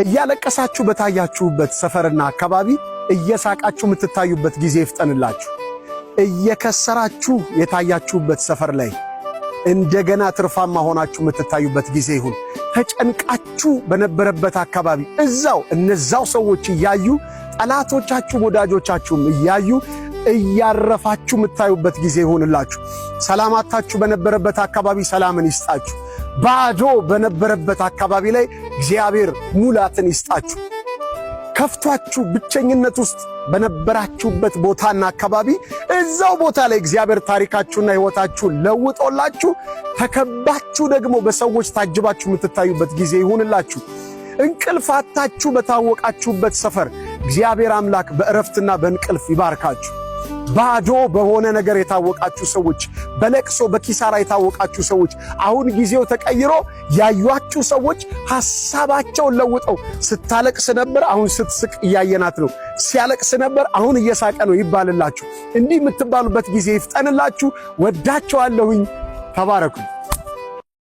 እያለቀሳችሁ በታያችሁበት ሰፈርና አካባቢ እየሳቃችሁ የምትታዩበት ጊዜ ይፍጠንላችሁ። እየከሰራችሁ የታያችሁበት ሰፈር ላይ እንደገና ትርፋማ ሆናችሁ የምትታዩበት ጊዜ ይሁን። ተጨንቃችሁ በነበረበት አካባቢ እዛው እነዛው ሰዎች እያዩ ጠላቶቻችሁም ወዳጆቻችሁም እያዩ እያረፋችሁ የምታዩበት ጊዜ ይሁንላችሁ። ሰላማታችሁ በነበረበት አካባቢ ሰላምን ይስጣችሁ። ባዶ በነበረበት አካባቢ ላይ እግዚአብሔር ሙላትን ይስጣችሁ። ከፍቷችሁ ብቸኝነት ውስጥ በነበራችሁበት ቦታና አካባቢ እዛው ቦታ ላይ እግዚአብሔር ታሪካችሁና ሕይወታችሁን ለውጦላችሁ ተከባችሁ ደግሞ በሰዎች ታጅባችሁ የምትታዩበት ጊዜ ይሁንላችሁ። እንቅልፋታችሁ በታወቃችሁበት ሰፈር እግዚአብሔር አምላክ በእረፍትና በእንቅልፍ ይባርካችሁ። ባዶ በሆነ ነገር የታወቃችሁ ሰዎች፣ በለቅሶ በኪሳራ የታወቃችሁ ሰዎች፣ አሁን ጊዜው ተቀይሮ ያዩአችሁ ሰዎች ሐሳባቸውን ለውጠው ስታለቅስ ነበር፣ አሁን ስትስቅ እያየናት ነው፣ ሲያለቅስ ነበር፣ አሁን እየሳቀ ነው ይባልላችሁ። እንዲህ የምትባሉበት ጊዜ ይፍጠንላችሁ። ወዳቸዋለሁኝ። ተባረኩ።